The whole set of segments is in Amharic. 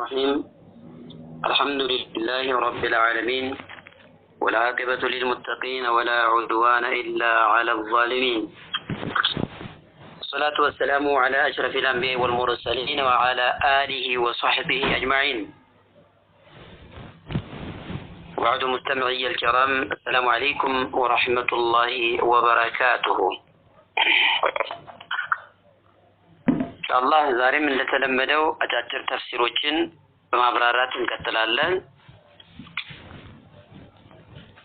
الرحيم الحمد لله رب العالمين والعاقبة للمتقين ولا عدوان إلا على الظالمين الصلاة والسلام على أشرف الأنبياء والمرسلين وعلى آله وصحبه أجمعين وعد مستمعي الكرام السلام عليكم ورحمة الله وبركاته الله زاريم اللي تلمدو أجاجر تفسيروشن بمبرارات انكتل الله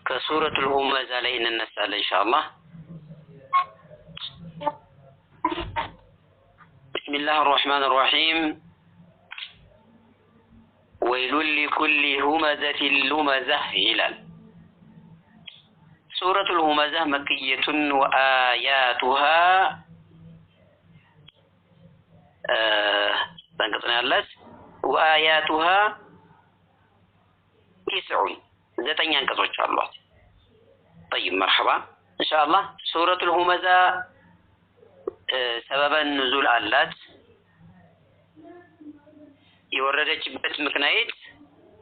كسورة الهومة زالين النسال إن شاء الله بسم الله الرحمن الرحيم ويل لكل همزة لمزة هلال سورة الهمزة مكية وآياتها ጠንቅጽ ነው ያላት። ወአያቱሃ ቲስዑን ዘጠኝ አንቀጾች አሏት። ጠይብ መርሐባ እንሻአላህ። ሱረቱል ሁመዛ ሰበበን ኑዙል አላት። የወረደችበት ምክንያት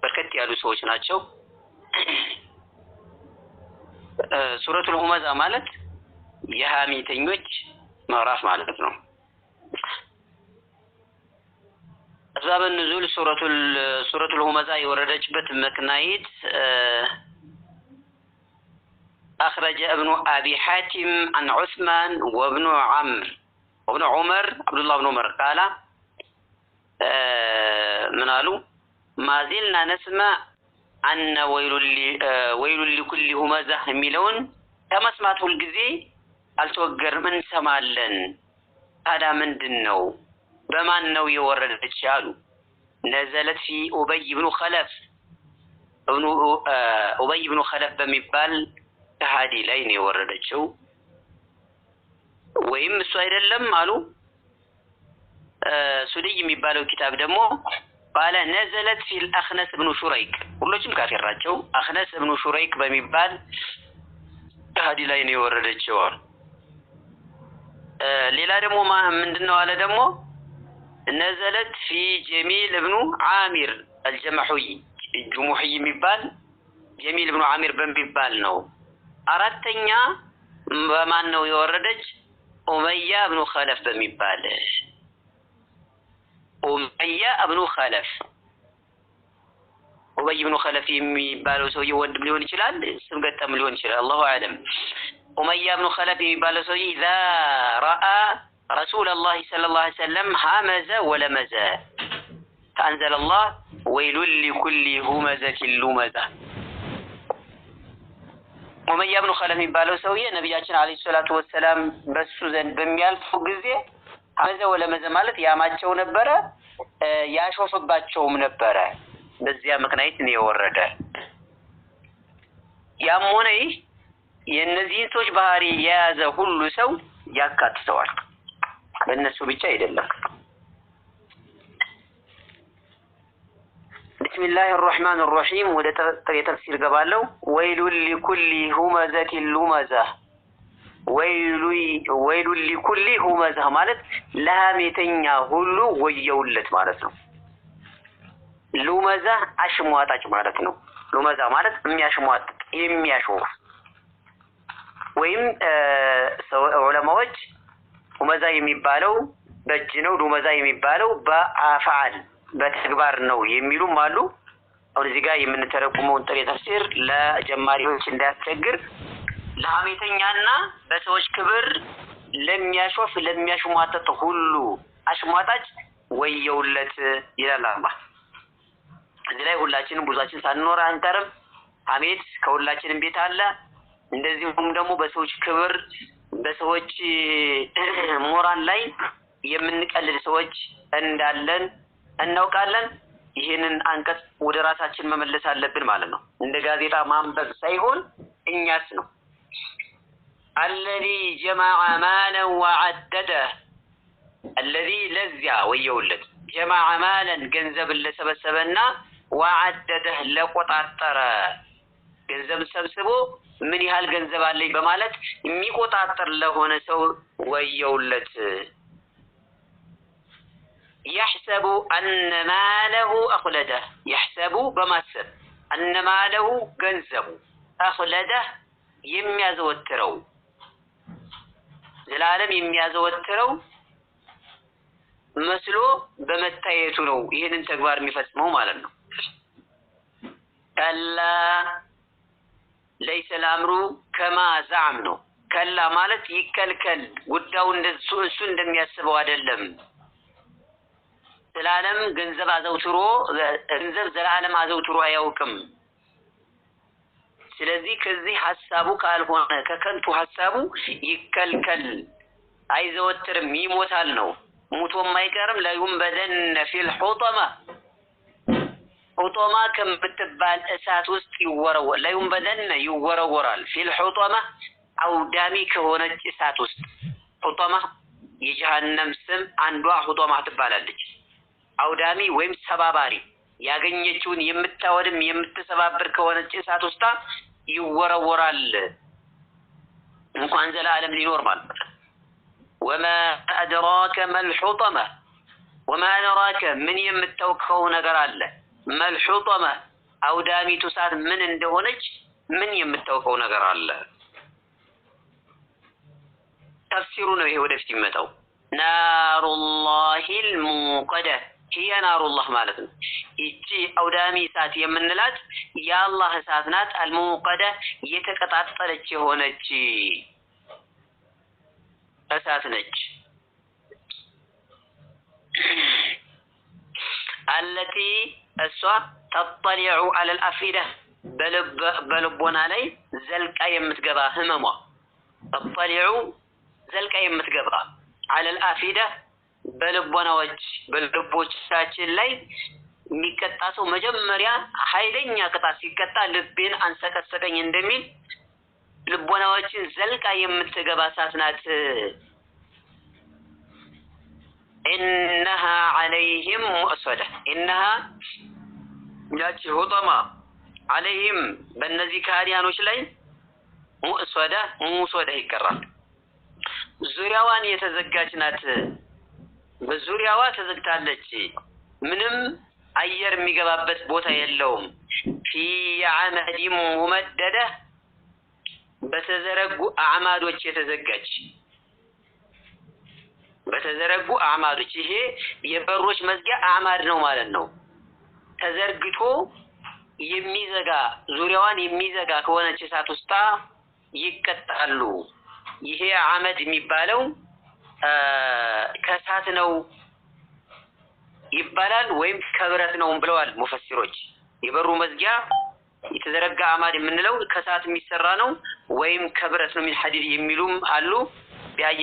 በርከት ያሉ ሰዎች ናቸው። ሱረቱል ሁመዛ ማለት የሐሜተኞች ምዕራፍ ማለት ነው። አስባበ ንዙል ሱረቱል ሁመዛ የወረደችበት መክናይት አኽረጀ እብኑ አቢ ሓቲም አን ዑስማን ወብኑ ዐምር ወብኑ ዑመር አብዱላህ ብኑ ዑመር ቃላ ምን አሉ ማዜልና ነስማ አነ ወይሉን ሊኩሊ ሁመዛ የሚለውን ከመስማት ሁልጊዜ አልተወገርም እንሰማለን። ታዲያ ምንድን ነው በማን ነው የወረደች አሉ። ነዘለት ፊ ኡበይ ብኑ ኸለፍ ኡበይ ብኑ ኸለፍ በሚባል ከሃዲ ላይ ነው የወረደችው። ወይም እሱ አይደለም አሉ። ሱድይ የሚባለው ኪታብ ደግሞ ባለ ነዘለት ፊል አክነስ እብኑ ሹረይክ ሁሎችም ካፊር ናቸው። አክነስ እብኑ ሹረይክ በሚባል ከሃዲ ላይ ነው የወረደችው አሉ። ሌላ ደግሞ ምንድን ነው አለ ደግሞ نزلت في جميل بن عامر الجمحوي الجمحي مبال جميل بن عامر بن مبال نو أردتني بما أنه يوردج أمية بن خلف بن مبال أمية بن خلف أمية بن خلف مبال وسوي ود مليون شلال سمقت مليون شلال الله أعلم أمية بن خلف مبال وسوي إذا رأى رسول الله صلى الله عليه وسلم همز ولمز فأنزل الله ويل لكل همزة ኡመያ ብኑ ኸለፍ የሚባለው ሰውዬ ነቢያችን አለይሂ ሰላቱ ወሰላም በሱ ዘንድ በሚያልፉ ጊዜ ሀመዘ ወለመዘ ማለት ያማቸው ነበረ፣ ያሾፍባቸውም ነበረ። በዚያ ምክንያት ነው የወረደ። ያም ሆነ ይህ የእነዚህን ሰዎች ባህሪ የያዘ ሁሉ ሰው ያካትተዋል። በእነሱ ብቻ አይደለም። ብስሚላህ አራሕማን አራሒም ወደ የተፍሲር ገባለው። ወይሉን ሊኩሊ ሁመዘቲን ሉመዛ ወይሉን ሊኩሊ ሁመዛ ማለት ለሀሜተኛ ሁሉ ወየውለት ማለት ነው። ሉመዛ አሽሟጣጭ ማለት ነው። ሉመዛ ማለት የሚያሽሟጥጥ የሚያሾፍ ወይም ዑለማዎች ኡመዛ የሚባለው በእጅ ነው፣ ዱመዛ የሚባለው በአፍዓል በተግባር ነው የሚሉም አሉ። አሁን እዚህ ጋር የምንተረጉመውን ጥሬ ተፍሲር ለጀማሪዎች እንዳያስቸግር ለሐሜተኛና በሰዎች ክብር ለሚያሾፍ ለሚያሽሟጠጥ ሁሉ አሽሟጣጭ ወየውለት ይላል አላህ። እዚህ ላይ ሁላችንም ብዙችን ሳንኖር አንቀርም። ሐሜት ከሁላችንም ቤት አለ። እንደዚሁም ደግሞ በሰዎች ክብር በሰዎች ሞራን ላይ የምንቀልድ ሰዎች እንዳለን እናውቃለን። ይህንን አንቀጽ ወደ ራሳችን መመለስ አለብን ማለት ነው። እንደ ጋዜጣ ማንበብ ሳይሆን እኛስ ነው አለዚ ጀማዐ ማለን ወዐደደ አለዚ ለዚያ ወየውለት ጀማዐ ማለን ገንዘብን ለሰበሰበና ወዐደደህ ለቆጣጠረ ገንዘብ ሰብስቦ ምን ያህል ገንዘብ አለኝ በማለት የሚቆጣጠር ለሆነ ሰው ወየውለት። ያሕሰቡ አነማለሁ አኽለደ ያሕሰቡ በማሰብ አነማለሁ ገንዘቡ አኽለደ የሚያዘወትረው ዘላለም የሚያዘወትረው መስሎ በመታየቱ ነው። ይህንን ተግባር የሚፈጽመው ማለት ነው። ከላ ለይሰ ለአምሩ ከማ ዛዕም ነው። ከላ ማለት ይከልከል፣ ጉዳዩ እሱ እንደሚያስበው አይደለም ስላለም ገንዘብ አዘውትሮ ገንዘብ ዘላለም አዘውትሮ አያውቅም። ስለዚህ ከዚህ ሀሳቡ ካልሆነ ከከንቱ ሀሳቡ ይከልከል፣ አይዘወትርም፣ ይሞታል ነው ሙቶም አይቀርም። ለዩንበደነ ፊል ሑጠማ ሑጦማ ከምትባል እሳት ውስጥ ይወረወር ለዩንበደነ ይወረወራል። ፊል ሑጦማ አውዳሚ ከሆነች እሳት ውስጥ ሑጦማ የጀሃነም ስም አንዷ ሑጦማ ትባላለች። አውዳሚ ወይም ሰባባሪ ያገኘችውን የምታወድም የምትሰባብር ከሆነች እሳት ውስጣ ይወረወራል። እንኳን ዘላለም ሊኖር ማለት ወማ አድራከ መልሑጠማ ወማ አድራከ ምን የምታውቀው ነገር አለ መልሑጠመ አውዳሚቱ እሳት ምን እንደሆነች ምን የምታውቀው ነገር አለ? ተፍሲሩ ነው ይሄ ወደፊት ይመጣው። ናሩላሂ ልሙንቀደ ሂየ ናሩላህ ማለት ነው። ይቺ አውዳሚ እሳት የምንላት የአላህ እሳት ናት። አልሙንቀደ የተቀጣጠለች የሆነች እሳት ነች። አለቲ እሷ ተጠሊዑ አለል አፊደህ በልቦና ላይ ዘልቃ የምትገባ ህመሟ ተጠሊዑ ዘልቃ የምትገባ አለል አፊደህ በልቦናዎች በልቦቻችን ላይ የሚቀጣ ሰው መጀመሪያ ኃይለኛ ቅጣት ሲቀጣ ልቤን አንሰቀሰቀኝ እንደሚል ልቦናዎችን ዘልቃ የምትገባ ሳትናት ኢነሃ ዐለይህም ሙእሰደ ኢነሃ ያቺ ሁጠማ ዐለይህም በእነዚህ ከሃዲያኖች ላይ ሙእሰደ ሙሶደ ይቀራል። ዙሪያዋን የተዘጋች ናት። በዙሪያዋ ተዘግታለች። ምንም አየር የሚገባበት ቦታ የለውም። ፊ አመዲን ሙመደደ በተዘረጉ አዕማዶች የተዘጋች በተዘረጉ አዕማዶች ይሄ የበሮች መዝጊያ አዕማድ ነው ማለት ነው። ተዘርግቶ የሚዘጋ ዙሪያዋን የሚዘጋ ከሆነች እሳት ውስጣ ይቀጣሉ። ይሄ አመድ የሚባለው ከእሳት ነው ይባላል ወይም ከብረት ነው ብለዋል ሙፈሲሮች። የበሩ መዝጊያ የተዘረጋ አማድ የምንለው ከእሳት የሚሰራ ነው ወይም ከብረት ነው የሚል ሐዲድ የሚሉም አሉ ቢአይ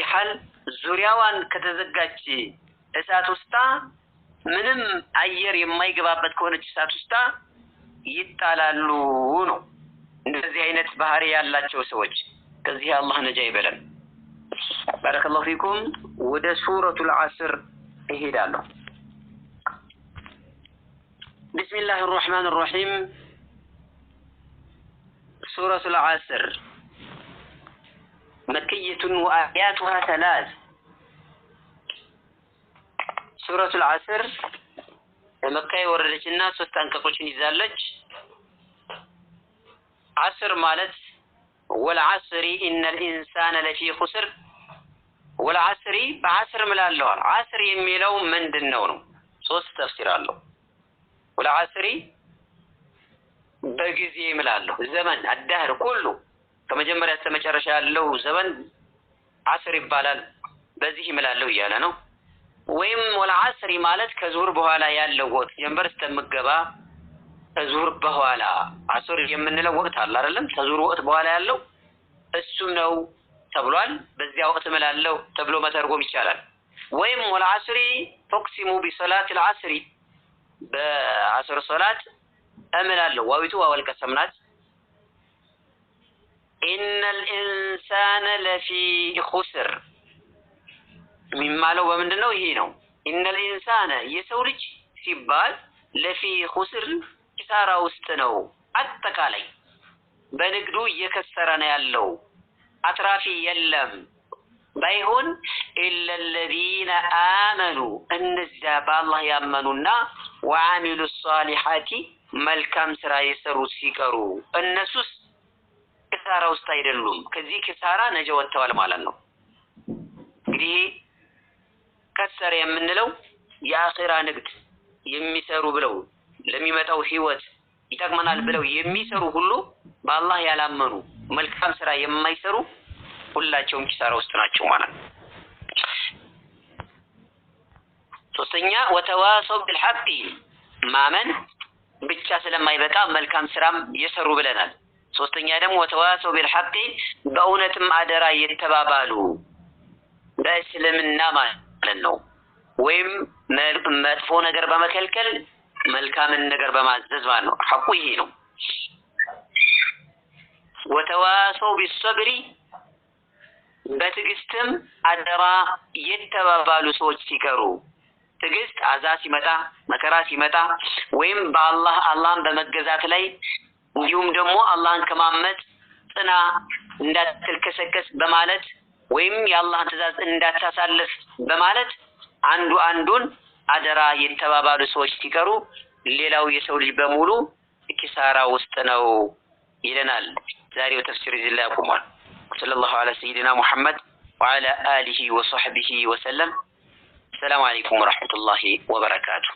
ዙሪያዋን ከተዘጋች እሳት ውስጣ ምንም አየር የማይገባበት ከሆነች እሳት ውስጣ ይጣላሉ ነው። እንደዚህ አይነት ባህሪ ያላቸው ሰዎች ከዚህ አላህ ነጃ ይበለን። ባረከላሁ ፊኩም። ወደ ሱረቱል አስር እሄዳለሁ። ቢስሚላህ አራሕማን አራሒም ሱረቱል ዐስር መክየቱን ወአያቱሃ ሰላስ ሱረቱል አስር በመካ የወረደች እና ሶስት አንቀጾችን ይዛለች። አስር ማለት ወልዓስሪ ኢነል ኢንሳነ ለፊ ኹስር ወልዓስሪ በአስር ምላለዋል። አስር የሚለው ምንድን ነው ነው? ሶስት ተፍሲር አለው። ወልዓስሪ በጊዜ ምላለሁ፣ ዘመን አዳህር ሁሉ ከመጀመሪያ እስከ መጨረሻ ያለው ዘመን አስር ይባላል። በዚህ ይምላለው እያለ ነው። ወይም ወላ አስሪ ማለት ከዙር በኋላ ያለው ወቅት ጀንበር እስከምገባ ከዙር በኋላ አስር የምንለው ወቅት አለ አይደለም? ከዙር ወቅት በኋላ ያለው እሱም ነው ተብሏል። በዚያ ወቅት እምላለው ተብሎ መተርጎም ይቻላል። ወይም ወላ አስሪ ቶክሲሙ ቢሰላት ልአስሪ በአስር ሶላት እምላለሁ። ዋዊቱ ዋወልቀሰም ናት። ኢነል ኢንሳነ ለፊ ኹስር የሚማለው በምንድን ነው? ይሄ ነው። ኢነል ኢንሳነ የሰው ልጅ ሲባል ለፊ ኹስር ኪሳራ ውስጥ ነው። አጠቃላይ በንግዱ እየከሰረ ነው ያለው። አትራፊ የለም። ባይሆን ኢለ አመኑ እነዚያ በአላህ ያመኑና ወአሚሉ ሷሊሓቲ መልካም ስራ የሰሩ ሲቀሩ እነሱስ ኪሳራ ውስጥ አይደሉም። ከዚህ ኪሳራ ነጃ ወጥተዋል ማለት ነው። እንግዲህ ከሰር የምንለው የአኺራ ንግድ የሚሰሩ ብለው ለሚመጣው ህይወት ይጠቅመናል ብለው የሚሰሩ ሁሉ በአላህ ያላመኑ መልካም ስራ የማይሰሩ ሁላቸውም ኪሳራ ውስጥ ናቸው ማለት ነው። ሶስተኛ ወተዋሰው ቢልሐቂ ማመን ብቻ ስለማይበቃ መልካም ስራም የሰሩ ብለናል። ሶስተኛ ደግሞ ወተዋሰው ቢልሐቂ በእውነትም አደራ የተባባሉ በእስልምና ማለት ነው። ወይም መጥፎ ነገር በመከልከል መልካምን ነገር በማዘዝ ማለት ነው። ሐቁ ይሄ ነው። ወተዋሰው ቢሰብሪ በትዕግስትም አደራ የተባባሉ ሰዎች ሲቀሩ ትዕግስት አዛ ሲመጣ መከራ ሲመጣ ወይም በአላህ አላህን በመገዛት ላይ እንዲሁም ደግሞ አላህን ከማመጥ ጽና እንዳትልከሰከስ በማለት ወይም የአላህን ትእዛዝ እንዳታሳልፍ በማለት አንዱ አንዱን አደራ የተባባሉ ሰዎች ሲቀሩ ሌላው የሰው ልጅ በሙሉ ኪሳራ ውስጥ ነው ይለናል። ዛሬው ተፍሲር እዚህ ላይ አቁሟል። ወሰለላሁ ዐላ ሰይድና ሙሐመድ ወዐላ አሊሂ ወሰሕቢሂ ወሰለም። ሰላም አለይኩም ወረሕመቱላሂ ወበረካቱ።